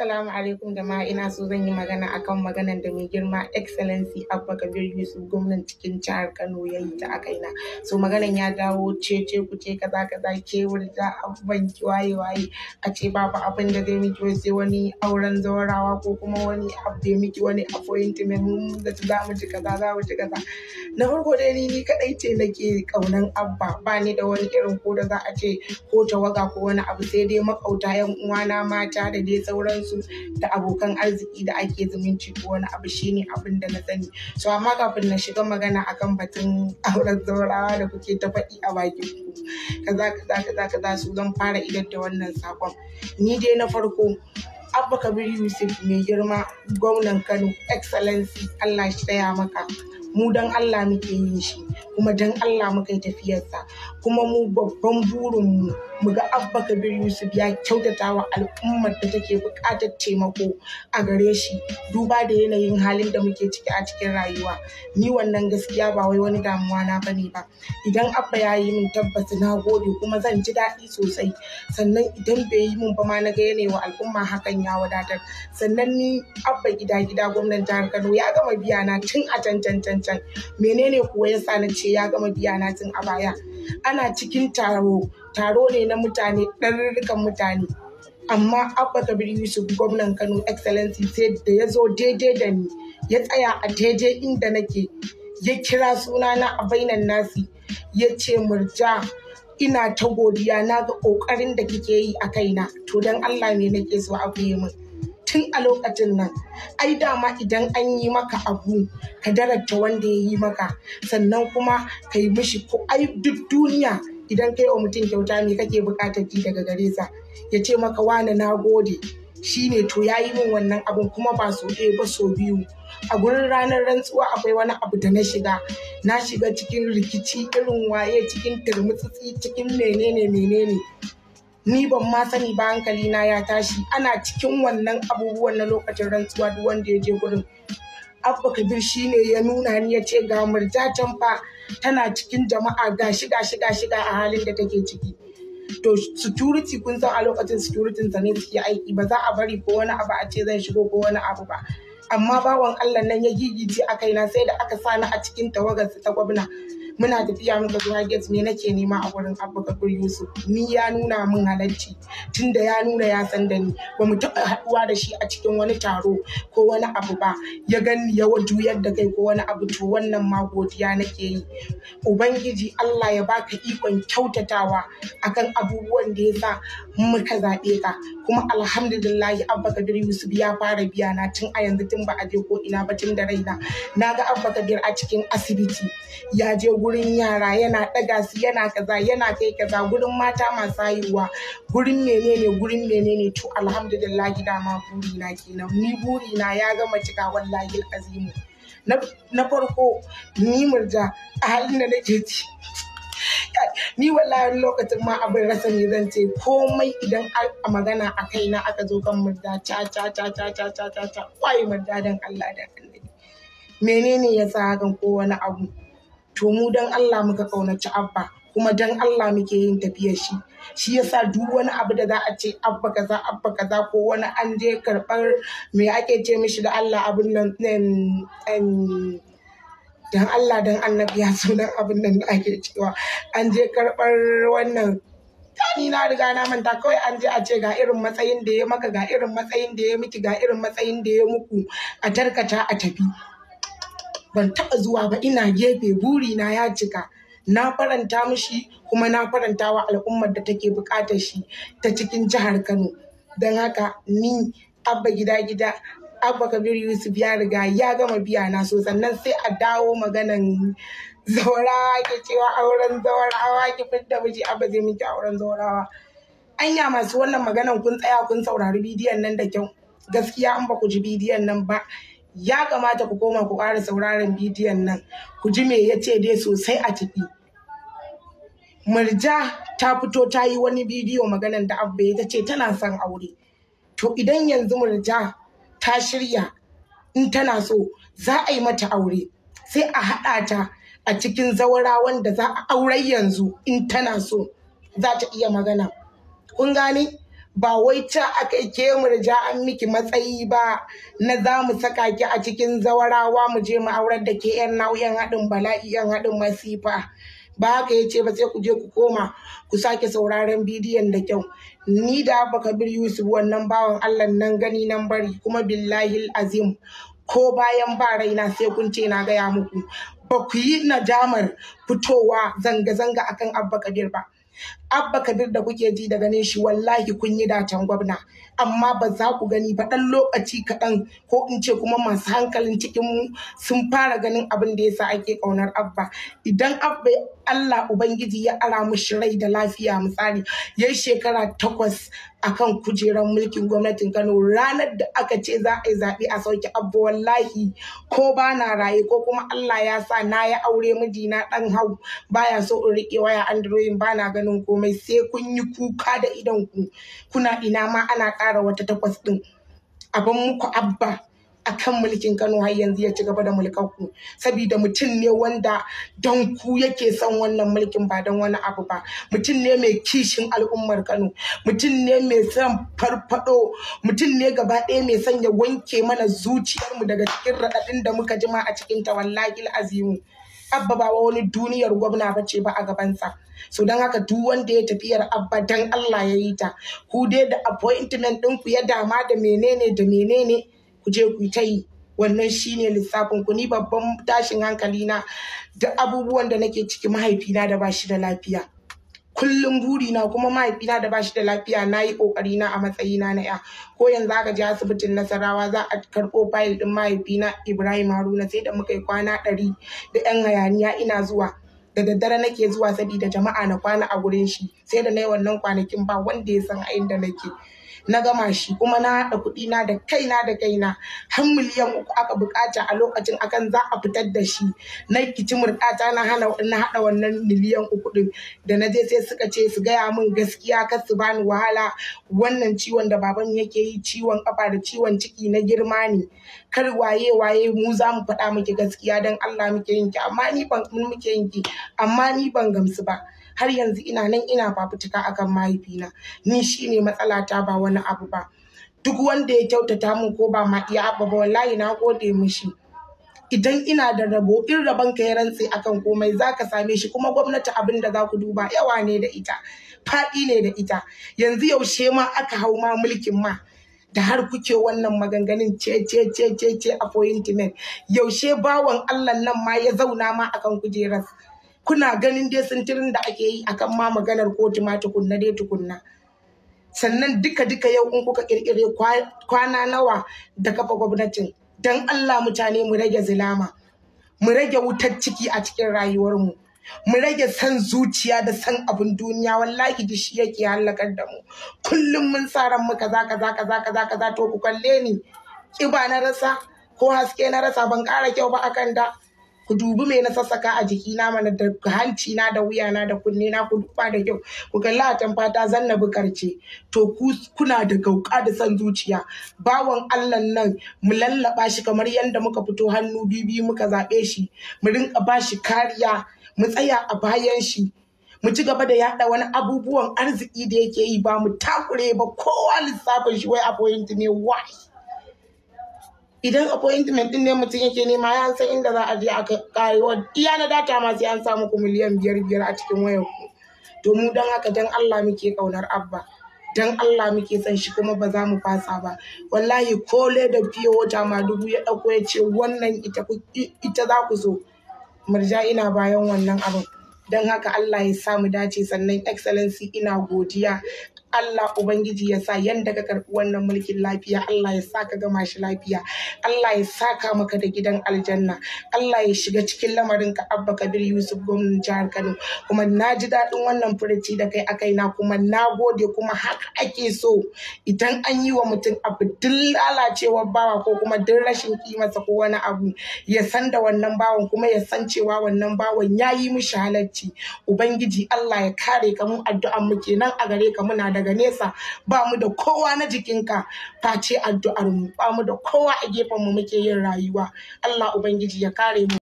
Assalamu alaikum da ina so zan yi magana akan maganar da mai girma excellency Abba Kabir Yusuf gwamnan cikin jihar Kano ya yi ta a kaina. So maganar ya dawo cece ku ce kaza kaza ke da abubuwan waye waye a ce babu abin da zai miki wai sai wani auren zawarawa ko kuma wani abu da miki wani appointment mun da za mu ji kaza za mu ji kaza. Na farko dai ni kadai ce nake kaunan Abba ba ni da wani irin ko da za a ce ko tawaga ko wani abu sai dai makauta yan uwana mata da dai sauran su da abokan arziki da ake zumunci ko wani abu ne abin da na sani so amma kafin na shiga magana akan batun auren zaurawa da kuke ta faɗi a bakin ku kaza kaza kaza kaza su zan fara idan da wannan sakon ni dai na farko abba kabiru yusuf mai girma gwamnan kano excellency allah shi maka mu dan Allah muke yin shi kuma dan Allah muka yi tafiyarsa kuma mu babban burin mu ga abba kabir yusuf ya kyautata wa al'ummar da take buƙatar taimako a gare shi duba da yanayin halin da muke ciki a cikin rayuwa ni wannan gaskiya ba wai wani damuwa na bane ba idan abba ya yi min tabbas na gode kuma zan ji daɗi sosai sannan idan bai yi min ba ma na ga yanayi wa al'umma hakan ya wadatar sannan ni abba gida gida gwamnan jihar kano ya gama biya na tun a can can can can menene kuwa ya sa na ce ya gama biya na tun a baya ana cikin taro taro ne na mutane ɗarurrukan mutane amma abba kabir yusuf gwamnan kano excellency sai da ya zo daidai da ni ya tsaya a daidai inda nake ya kira sunana a bainan nasi ya ce murja ina ta godiya na ga ƙoƙarin da kike yi a kaina to don allah ne nake so a min. tun a lokacin nan ai dama idan an yi maka abu ka darata wanda ya yi maka sannan kuma ka yi mishi ko ai duk duniya idan kai wa mutum kyauta me kake bukatar ji daga gare sa ya ce maka wani na gode Shi ne to ya yi min wannan abun kuma ba so ɗaya ba so biyu a gurin ranar rantsuwa akwai wani abu da na shiga na shiga cikin rikici irin waye cikin turmutsi cikin menene menene ni ban ma sani ba hankali na ya tashi ana cikin wannan abubuwan na lokacin rantsuwa duk wanda ya je gurin abba kabir shine ya nuna ni ya ce ga murjatan fa tana cikin jama'a ga shiga shiga shiga a halin da take ciki to security kun san a lokacin security ta ne suke aiki ba za a bari ko wani abu a ce zan shigo ko wani abu ba amma bawan Allah nan ya ji a kaina sai da aka sani a cikin tawagarsa ta gwamna muna tafiya muka zuwa gate me nake nema a gurin abu kabir yusuf ni ya nuna min halarci tunda ya nuna ya san da ni ba mu taɓa haɗuwa da shi a cikin wani taro ko wani abu ba ya gani ya juyar da kai ko wani abu to wannan ma godiya nake yi ubangiji allah ya baka ikon kyautatawa akan abubuwan da ya sa muka zaɓe ka kuma alhamdulillah abba kabir yusuf ya fara biya na tun a yanzu tun ba a je ko ina ba tun da raina na ga abba kabir a cikin asibiti ya je gurin yara yana ɗaga su yana kaza yana kai kaza gurin mata masu haihuwa gurin menene gurin menene to alhamdulillah gida ma burina kenan ni burina ya gama cika wallahi azimu na farko ni murja a halin da nake ci ni wallahi lokacin ma abin rasa ne zan ce komai idan a magana a na aka zo kan murda cha cha cha cha cha cha cha cha kwaye murda dan Allah da annabi menene ya sa hakan ko wani abu to mu dan Allah muka kaunaci abba kuma dan Allah muke yin tafiyar shi shi yasa duk wani abu da za a ce abba kaza abba kaza ko wani an je karɓar me ake ce mishi da Allah abin nan dan Allah dan annabi ya sunan abin nan da ake cewa an je karɓar wannan ni na riga na manta kawai an je a ce ga irin matsayin da ya maka ga irin matsayin da ya miki ga irin matsayin da ya muku a tarkata a tafi ban taɓa zuwa ba ina gefe buri na ya cika na faranta mushi kuma na faranta wa al'ummar da take buƙatar shi ta cikin jihar kano don haka ni abba gida gida abba kabir yusuf ya riga ya gama biya na so sannan sai a dawo maganan zaurawa ke cewa auren zaurawa ki fidda miji abba zai miki auren zaurawa anya masu wannan maganan kun tsaya kun saurari bidiyon nan da kyau gaskiya an ba ku ji bidiyon nan ba ya kamata ku koma ku ƙara sauraron bidiyon nan ku ji me ya ce dai sosai a ciki murja ta fito ta yi wani bidiyo maganan da abba ya ce tana son aure to idan yanzu murja ta shirya in tana so za a yi mata aure sai a haɗa ta a cikin zawara wanda za a aure yanzu in tana so za ta iya magana kun gane ba wai ta aka ke mu ja an miki matsayi ba na za mu saka ki a cikin zawarawa mu je mu aurar da ke yan nau'in haɗin bala'i yan haɗin masifa ba haka ya ce ba sai ku je ku koma ku sake sauraron bidiyon da kyau ni da abba kabir yusuf wannan bawan allah nan gani nan bari kuma billahi azim ko bayan ba raina sai kun ce na gaya muku ba ku yi najamar fitowa zanga-zanga akan abba kabir ba abba kabir da kuke ji da ganin shi wallahi kun yi datan gwamna amma ba za ku gani ba ɗan lokaci kaɗan ko in ce kuma masu hankalin cikin mu sun fara ganin abin da yasa ake ƙaunar abba idan abba Allah Ubangiji ya ara mushi rai da lafiya misali ya yi shekara takwas a kan kujerar mulkin gwamnatin Kano ranar da aka ce za a yi zaɓe a sauki Abba wallahi ko ba na raye ko kuma Allah ya sa na ya aure miji na ɗan hau baya so in riƙe waya android ba na ganin komai komai sai kun yi kuka da idan ku kuna ina ma ana ƙara wata takwas ɗin abin muku abba a kan mulkin Kano har yanzu ya ci gaba da ku. saboda mutum ne wanda don ku yake son wannan mulkin ba don wani abu ba mutum ne mai kishin al'ummar Kano mutum ne mai son farfado mutum ne gaba ɗaya mai son ya wanke mana zuciyarmu daga cikin raɗaɗin da muka jima a cikin ta wallahi azimu abba ba wani duniyar gwamna ba ce ba a gabansa so don haka duk wanda ya tafiyar abba don Allah ya yi ta ku dai da appointment ɗinku ya dama da menene da menene ku je ku ta yi wannan shine lissafin ku ni babban tashin hankali na da abubuwan da nake ciki mahaifina da ba shi da lafiya kullum buri na kuma mahaifina da bashi da lafiya na yi kokari na a matsayina na ya ko yanzu aka je asibitin nasarawa za a karɓo fayil ɗin mahaifina ibrahim haruna sai da muka yi kwana ɗari da yan hayaniya ina zuwa da daddare nake zuwa sabida jama'a na kwana a gurin shi sai da na yi wannan kwanakin ba wanda ya san a inda nake na gama shi kuma na haɗa kuɗi na da kaina da kaina har miliyan uku aka bukata a lokacin akan za a fitar da shi na kici murɗata na hana na haɗa wannan miliyan uku ɗin da na je sai suka ce su gaya min gaskiya kar su bani wahala wannan ciwon da baban yake yi ciwon kafa da ciwon ciki na girma ne kar waye waye mu za mu faɗa miki gaskiya dan Allah muke yinki amma ni ban muke yinki amma ni ban gamsu ba har yanzu ina nan ina fafutuka akan mahaifina ni shine ta ba wani abu ba duk wanda ya kyautata mun ko ba ma iya abu ba wallahi na gode mishi idan ina da rabo in rabon ka ya rantse akan komai za ka same shi kuma gwamnati abin da za ku duba yawa ne da ita faɗi ne da ita yanzu yaushe ma aka hau ma mulkin ma da har kuke wannan maganganun ce ce ce ce ce pointment yaushe bawan Allah nan ma ya zauna ma akan kujerar kuna ganin dai sintirin da ake yi akan ma maganar kotu ma tukunna dai tukunna sannan duka-duka yau in kuka kirkire kwana nawa da kafa gwamnatin don Allah mutane mu rage zilama mu rage wutar ciki a cikin rayuwarmu mu rage san zuciya da san abin duniya wallahi da shi yake halakar da mu kullum mun tsaran mu kaza kaza kaza kaza kaza to ku kalle ni Ƙiba na rasa ko haske na rasa ban ƙara kyau ba akan da ku dubi me na sassaka a jikina mana da hanci na da wuya na da kunne na ku duba da kyau ku kalla a fata zan zanna bukarce to ku kuna da gauka da san zuciya bawan Allah nan mu lallaba shi kamar yadda muka fito hannu bibi muka zaɓe shi mu rinka ba shi kariya mu tsaya a bayan shi mu ci gaba da yada wani abubuwan arziki da yake yi ba mu takure ba kowa lissafin shi wai appointment ne wai idan appointment din ne mutum yake nema ya san inda za a je a karewa iya na data ma sai an sa muku miliyan biyar biyar a cikin wayar ku to mu dan haka dan Allah muke kaunar abba dan Allah muke san shi kuma ba za mu fasa ba wallahi ko da fiye wata ma dubu ya dauko ya ce wannan ita ita za ku so murja ina bayan wannan abin dan haka Allah ya sa mu dace sannan excellency ina godiya Allah Ubangiji ya sa yadda ka karɓi wannan mulkin lafiya Allah ya sa ka gama shi lafiya Allah ya saka maka da gidan aljanna Allah ya shiga cikin lamarin ka Abba Kabir Yusuf gwamnan jihar Kano kuma na ji daɗin wannan furaci da kai akai na kuma na gode kuma haka ake so idan an yi wa mutum abu duk lalacewar bawa ko kuma duk rashin kimarsa ko wani abu ya san da wannan bawan kuma ya san cewa wannan bawan ya yi mishi halarci Ubangiji Allah ya kare ka mu addu'an mu kenan a gare ka muna da daga nesa ba mu da kowa na jikinka face addu'ar mu ba mu da kowa a gefen mu muke yin rayuwa Allah ubangiji ya kare mu